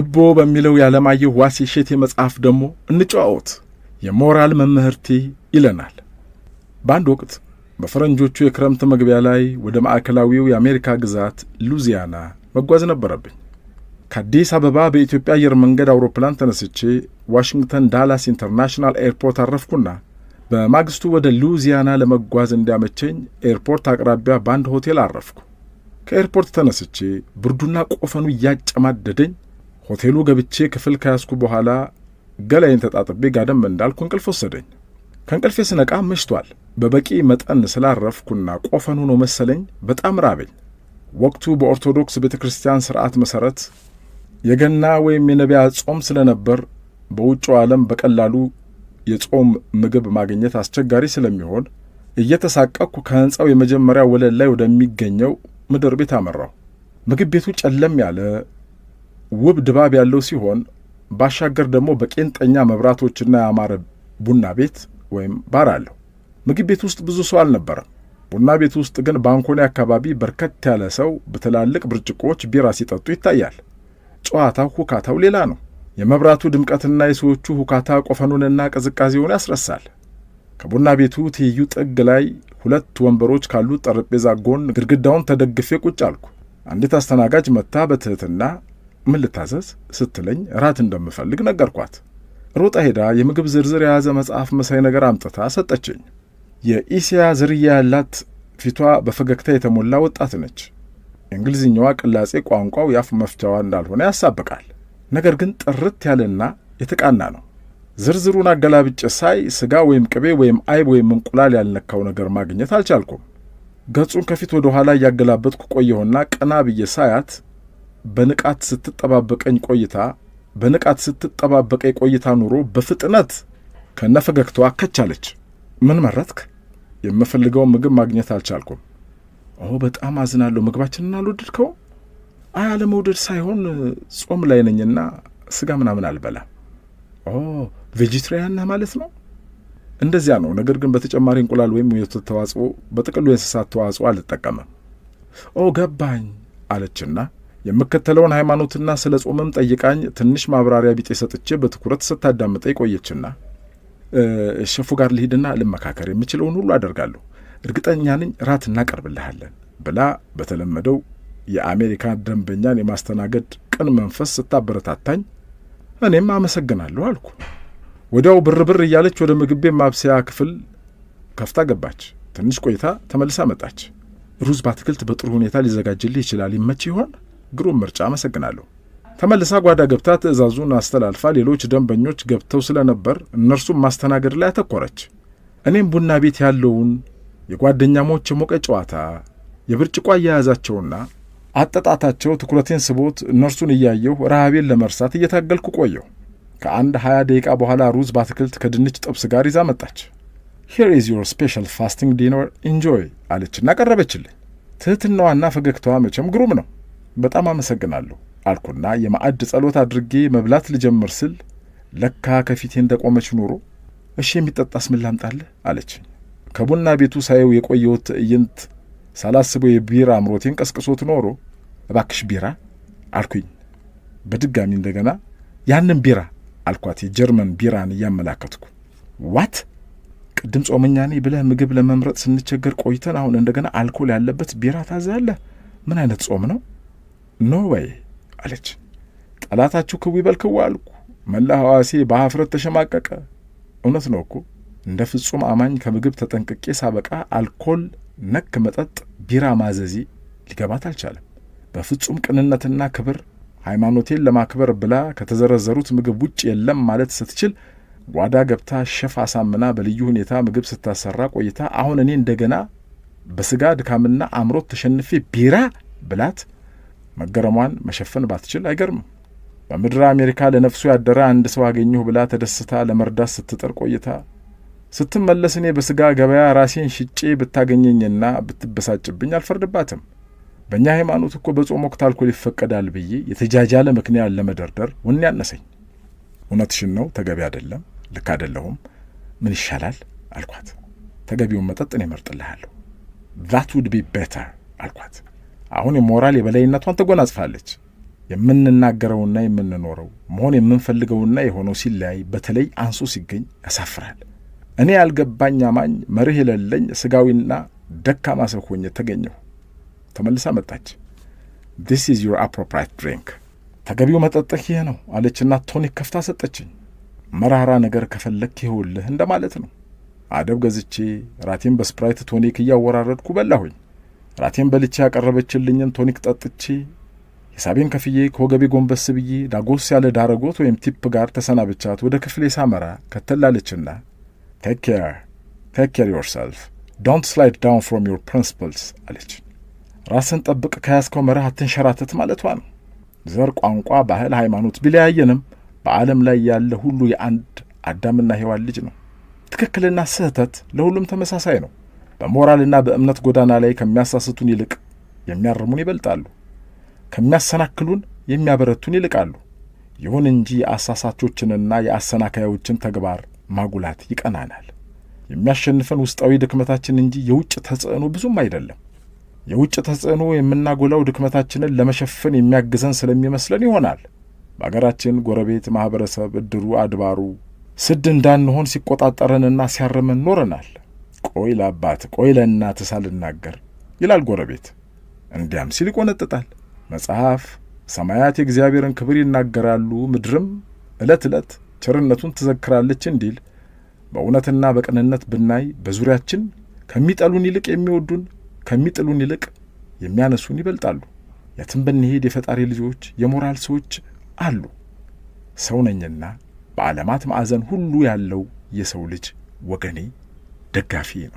ችቦ በሚለው የዓለማየሁ ዋሴ እሸቴ መጽሐፍ ደግሞ እንጨዋወት የሞራል መምህርቴ ይለናል። በአንድ ወቅት በፈረንጆቹ የክረምት መግቢያ ላይ ወደ ማዕከላዊው የአሜሪካ ግዛት ሉዚያና መጓዝ ነበረብኝ። ከአዲስ አበባ በኢትዮጵያ አየር መንገድ አውሮፕላን ተነስቼ ዋሽንግተን ዳላስ ኢንተርናሽናል ኤርፖርት አረፍኩና በማግስቱ ወደ ሉዚያና ለመጓዝ እንዲያመቸኝ ኤርፖርት አቅራቢያ በአንድ ሆቴል አረፍኩ። ከኤርፖርት ተነስቼ ብርዱና ቆፈኑ እያጨማደደኝ ሆቴሉ ገብቼ ክፍል ከያዝኩ በኋላ ገላይን ተጣጥቤ ጋደም እንዳልኩ እንቅልፍ ወሰደኝ። ከእንቅልፌ ስነቃ መሽቷል። በበቂ መጠን ስላረፍኩና ቆፈን ሆኖ መሰለኝ በጣም ራበኝ። ወቅቱ በኦርቶዶክስ ቤተ ክርስቲያን ሥርዓት መሠረት የገና ወይም የነቢያ ጾም ስለነበር በውጭው ዓለም በቀላሉ የጾም ምግብ ማግኘት አስቸጋሪ ስለሚሆን እየተሳቀቅኩ ከሕንፃው የመጀመሪያ ወለል ላይ ወደሚገኘው ምድር ቤት አመራሁ። ምግብ ቤቱ ጨለም ያለ ውብ ድባብ ያለው ሲሆን ባሻገር ደግሞ በቄንጠኛ መብራቶችና ያማረ ቡና ቤት ወይም ባር አለው። ምግብ ቤት ውስጥ ብዙ ሰው አልነበረም። ቡና ቤት ውስጥ ግን ባንኮኒ አካባቢ በርከት ያለ ሰው በትላልቅ ብርጭቆዎች ቢራ ሲጠጡ ይታያል። ጨዋታው፣ ሁካታው ሌላ ነው። የመብራቱ ድምቀትና የሰዎቹ ሁካታ ቆፈኑንና ቅዝቃዜውን ያስረሳል። ከቡና ቤቱ ትይዩ ጥግ ላይ ሁለት ወንበሮች ካሉት ጠረጴዛ ጎን ግድግዳውን ተደግፌ ቁጭ አልኩ። አንዲት አስተናጋጅ መታ በትህትና ምን ልታዘዝ ስትለኝ ራት እንደምፈልግ ነገርኳት። ሮጣ ሄዳ የምግብ ዝርዝር የያዘ መጽሐፍ መሳይ ነገር አምጥታ ሰጠችኝ። የኢስያ ዝርያ ያላት ፊቷ በፈገግታ የተሞላ ወጣት ነች። የእንግሊዝኛዋ ቅላጼ ቋንቋው የአፍ መፍቻዋ እንዳልሆነ ያሳብቃል። ነገር ግን ጥርት ያለና የተቃና ነው። ዝርዝሩን አገላብጬ ሳይ ስጋ ወይም ቅቤ ወይም አይብ ወይም እንቁላል ያልነካው ነገር ማግኘት አልቻልኩም። ገጹን ከፊት ወደ ኋላ እያገላበጥኩ ቆየሁና ቀና ብዬ ሳያት በንቃት ስትጠባበቀኝ ቆይታ በንቃት ስትጠባበቀኝ ቆይታ ኑሮ በፍጥነት ከነፈገግታዋ ከቻለች። ምን መረትክ የምፈልገውን ምግብ ማግኘት አልቻልኩም። ኦ በጣም አዝናለሁ፣ ምግባችንን አልወደድከው። አይ አለመውደድ ሳይሆን ጾም ላይ ነኝና ስጋ ምናምን አልበላ። ኦ ቬጂትሪያን ነህ ማለት ነው? እንደዚያ ነው። ነገር ግን በተጨማሪ እንቁላል ወይም የወተት ተዋጽኦ፣ በጥቅሉ የእንስሳት ተዋጽኦ አልጠቀምም። ኦ ገባኝ አለችና የምከተለውን ሃይማኖትና ስለ ጾምም ጠይቃኝ ትንሽ ማብራሪያ ቢጤ ሰጥቼ በትኩረት ስታዳምጠ ቆየችና ሸፉ ጋር ልሂድና ልመካከር፣ የምችለውን ሁሉ አደርጋለሁ፣ እርግጠኛ ነኝ ራት እናቀርብልሃለን ብላ በተለመደው የአሜሪካ ደንበኛን የማስተናገድ ቅን መንፈስ ስታበረታታኝ እኔም አመሰግናለሁ አልኩ። ወዲያው ብር ብር እያለች ወደ ምግቤ ማብሰያ ክፍል ከፍታ ገባች። ትንሽ ቆይታ ተመልሳ መጣች። ሩዝ በአትክልት በጥሩ ሁኔታ ሊዘጋጅልህ ይችላል፣ ይመች ይሆን ግሩም ምርጫ፣ አመሰግናለሁ። ተመልሳ ጓዳ ገብታ ትዕዛዙን አስተላልፋ ሌሎች ደንበኞች ገብተው ስለነበር እነርሱም ማስተናገድ ላይ አተኮረች። እኔም ቡና ቤት ያለውን የጓደኛሞች የሞቀ ጨዋታ፣ የብርጭቆ አያያዛቸውና አጠጣታቸው ትኩረቴን ስቦት እነርሱን እያየሁ ረሃቤን ለመርሳት እየታገልኩ ቆየሁ። ከአንድ 20 ደቂቃ በኋላ ሩዝ በአትክልት ከድንች ጥብስ ጋር ይዛ መጣች። ሂር ኢዝ ዮር ስፔሻል ፋስቲንግ ዲነር ኢንጆይ አለችና ቀረበችልኝ። ትህትናዋና ፈገግታዋ መቼም ግሩም ነው። በጣም አመሰግናለሁ አልኩና የማዕድ ጸሎት አድርጌ መብላት ልጀምር ስል ለካ ከፊቴ እንደቆመች ኑሮ እሺ የሚጠጣስ ምን ላምጣልህ አለችኝ። ከቡና ቤቱ ሳየው የቆየሁት ትዕይንት ሳላስበው የቢራ አምሮቴን ቀስቅሶት ኖሮ እባክሽ ቢራ አልኩኝ። በድጋሚ እንደገና ያንን ቢራ አልኳት፣ የጀርመን ቢራን እያመላከትኩ። ዋት ቅድም ጾመኛ ነኝ ብለህ ምግብ ለመምረጥ ስንቸገር ቆይተን አሁን እንደገና አልኮል ያለበት ቢራ ታዛለህ? ምን አይነት ጾም ነው ወይ አለች። ጠላታችሁ ክው ይበል አልኩ። መላ ሐዋሴ በሀፍረት ተሸማቀቀ። እውነት ነው እኮ እንደ ፍጹም አማኝ ከምግብ ተጠንቅቄ ሳበቃ አልኮል ነክ መጠጥ ቢራ ማዘዜ ሊገባት አልቻለም። በፍጹም ቅንነትና ክብር ሃይማኖቴን ለማክበር ብላ ከተዘረዘሩት ምግብ ውጭ የለም ማለት ስትችል ጓዳ ገብታ ሸፍ አሳምና በልዩ ሁኔታ ምግብ ስታሰራ ቆይታ አሁን እኔ እንደገና በስጋ ድካምና አምሮት ተሸንፌ ቢራ ብላት መገረሟን መሸፈን ባትችል አይገርምም። በምድረ አሜሪካ ለነፍሱ ያደረ አንድ ሰው አገኘሁ ብላ ተደስታ ለመርዳት ስትጥር ቆይታ ስትመለስ እኔ በሥጋ ገበያ ራሴን ሽጬ ብታገኘኝና ብትበሳጭብኝ አልፈርድባትም። በእኛ ሃይማኖት እኮ በጾም ወቅት አልኮል ይፈቀዳል ብዬ የተጃጃለ ምክንያት ለመደርደር ውን ያነሰኝ። እውነትሽን ነው፣ ተገቢ አይደለም፣ ልክ አይደለሁም፣ ምን ይሻላል አልኳት። ተገቢውን መጠጥ እኔ እመርጥልሃለሁ። ዛት ውድ ቢ ቤተር አልኳት። አሁን የሞራል የበላይነቷን ተጎናጽፋለች። የምንናገረውና የምንኖረው መሆን የምንፈልገውና የሆነው ሲለያይ፣ በተለይ አንሱ ሲገኝ ያሳፍራል። እኔ ያልገባኝ አማኝ መርህ የሌለኝ ስጋዊና ደካማ ሰው ሆኜ ተገኘሁ። ተመልሳ መጣች። ዲስ ኢዝ ዩር አፕሮፕሪት ድሪንክ፣ ተገቢው መጠጥህ ይህ ነው አለችና ቶኒክ ከፍታ ሰጠችኝ። መራራ ነገር ከፈለክ ይኸውልህ እንደማለት ነው። አደብ ገዝቼ ራቴን በስፕራይት ቶኒክ እያወራረድኩ በላሁኝ። ራቴን በልቼ ያቀረበችልኝን ቶኒክ ጠጥቼ ሂሳቤን ከፍዬ ከወገቤ ጎንበስ ብዬ ዳጎስ ያለ ዳረጎት ወይም ቲፕ ጋር ተሰናብቻት ወደ ክፍሌ ሳመራ ከተላለችና ቴክ ኬር ቴክ ኬር ዮርሰልፍ ዶንት ስላይድ ዳውን ፍሮም ዮር ፕሪንስፕልስ አለች። ራስን ጠብቅ ከያዝከው መርህ አትንሸራተት ማለቷ ነው። ዘር፣ ቋንቋ፣ ባህል፣ ሃይማኖት ቢለያየንም በዓለም ላይ ያለ ሁሉ የአንድ አዳምና ሔዋን ልጅ ነው። ትክክልና ስህተት ለሁሉም ተመሳሳይ ነው። በሞራልና በእምነት ጎዳና ላይ ከሚያሳስቱን ይልቅ የሚያርሙን ይበልጣሉ። ከሚያሰናክሉን የሚያበረቱን ይልቃሉ። ይሁን እንጂ የአሳሳቾችንና የአሰናካዮችን ተግባር ማጉላት ይቀናናል። የሚያሸንፈን ውስጣዊ ድክመታችን እንጂ የውጭ ተጽዕኖ ብዙም አይደለም። የውጭ ተጽዕኖ የምናጎላው ድክመታችንን ለመሸፈን የሚያግዘን ስለሚመስለን ይሆናል። በአገራችን ጎረቤት፣ ማኅበረሰብ፣ እድሩ አድባሩ ስድ እንዳንሆን ሲቆጣጠረንና ሲያርመን ኖረናል። ቆይ ለአባት ቆይ ለእናት ሳልናገር ይላል ጎረቤት። እንዲያም ሲል ይቆነጥጣል መጽሐፍ። ሰማያት የእግዚአብሔርን ክብር ይናገራሉ፣ ምድርም ዕለት ዕለት ቸርነቱን ትዘክራለች እንዲል በእውነትና በቅንነት ብናይ በዙሪያችን ከሚጠሉን ይልቅ የሚወዱን፣ ከሚጥሉን ይልቅ የሚያነሱን ይበልጣሉ። የትም ብንሄድ የፈጣሪ ልጆች የሞራል ሰዎች አሉ። ሰው ነኝና በዓለማት ማዕዘን ሁሉ ያለው የሰው ልጅ ወገኔ ደጋፊ ነው።